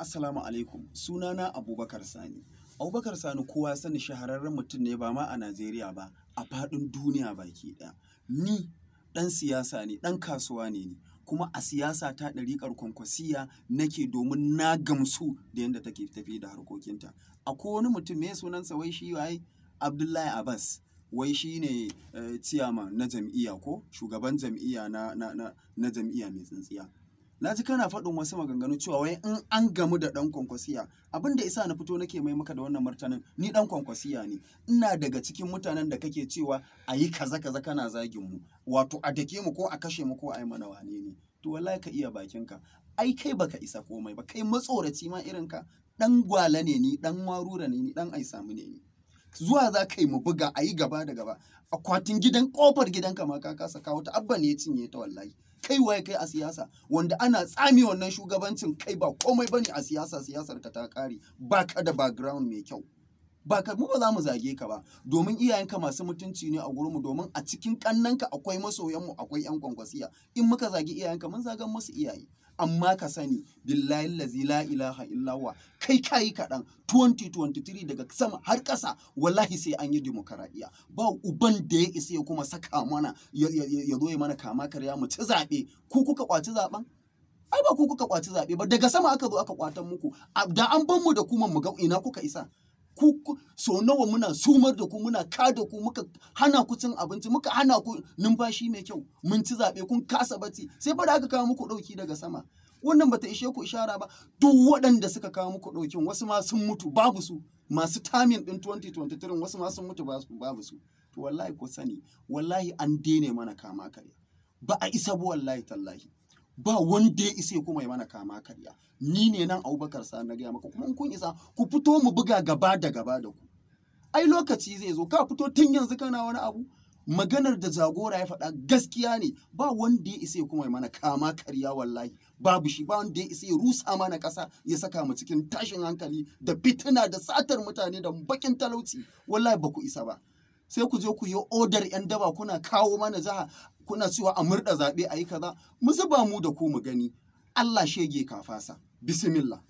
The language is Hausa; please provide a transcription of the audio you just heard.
assalamu alaikum sunana abubakar sani abubakar sani kowa sani shahararren mutum ne ba ma a najeriya ba a faɗin duniya baki ɗaya ni ɗan siyasa ne dan kasuwa ne ni kuma a siyasa ta ɗariƙar kwankwasiya nake domin na gamsu da yadda take tafi da harkokinta akwai wani mutum me sunansa wai shi waye abdullahi abbas wai shi ne eh, ciyama na jam'iyya ko shugaban jam'iyya na, na, na jam'iyya mai tsintsiya na ji kana faɗin wasu maganganu cewa wai in an gamu da ɗan kwankwasiya abin da isa na fito nake mai maka da wannan martanin ni ɗan kwankwasiya ne ina daga cikin mutanen da kake cewa a yi kaza kaza kana zagin mu wato a dake mu ko a kashe mu ko a yi mana wane ne to wallahi ka iya bakinka ai kai baka isa komai ba kai matsoraci ma irin ka ɗan gwala ne ni ɗan warura ne ni ɗan samu ne ni zuwa za ka yi mu buga a yi gaba da gaba akwatin gidan ƙofar gidanka ma ka kasa kawo ta abba ne ya cinye ta wallahi kai waye kai a siyasa wanda ana tsami wannan shugabancin kai ba komai bane a siyasa siyasar ka ta kare ba ka da background mai kyau ba ka mu ba za mu zage ka ba domin iyayenka masu mutunci ne a gurinmu domin a cikin kannanka akwai masoyanmu akwai yan kwankwasiya in muka zagi iyayenka mun zagan masu iyaye amma ka sani billahi lazi la ilaha illawa kai kayi kaɗan 2023 daga sama har ƙasa wallahi sai an yi demokaradiyya ba uban da ya isa ya kuma saka mana ya zo mana kama karya mu ci zaɓe ku kuka kwaci zaɓen ai ba ku kuka kwaci zaɓe ba daga sama aka zo aka kwatan muku da an ban mu da kuma mu ga ina kuka isa ku so nawa muna sumar da ku muna ka da ku muka hana ku cin abinci muka hana ku numfashi mai kyau mun ci zaɓe kun kasa bacci sai fa aka kawo muku ɗauki daga sama wannan bata ishe ku ishara ba duk waɗanda suka kawo muku ɗaukin wasu ma sun mutu babu su masu tamin ɗin 2023 wasu ma sun mutu babu su to wallahi ku sani wallahi an daina mana kama kare ba a isa bu wallahi tallahi ba wanda ya isa kuma ya mana kama karya ni ne nan Abubakar sa na gaya maka kuma in kun isa ku fito mu buga gaba da gaba da ku ai lokaci zai zo ka fito tun yanzu kana wani abu maganar da jagora ya faɗa gaskiya ne ba wanda ya isa ya mana kama karya wallahi babu shi ba wanda ya isa ya rusa mana ƙasa ya saka mu cikin tashin hankali da fitina da satar mutane da bakin talauci wallahi ba ku isa ba sai ku je ku yi odar yan daba kuna kawo mana jiha kuna cewa a murda zaɓe a yi kaza mu zuba mu da ku mu gani Allah shege kafasa bismillah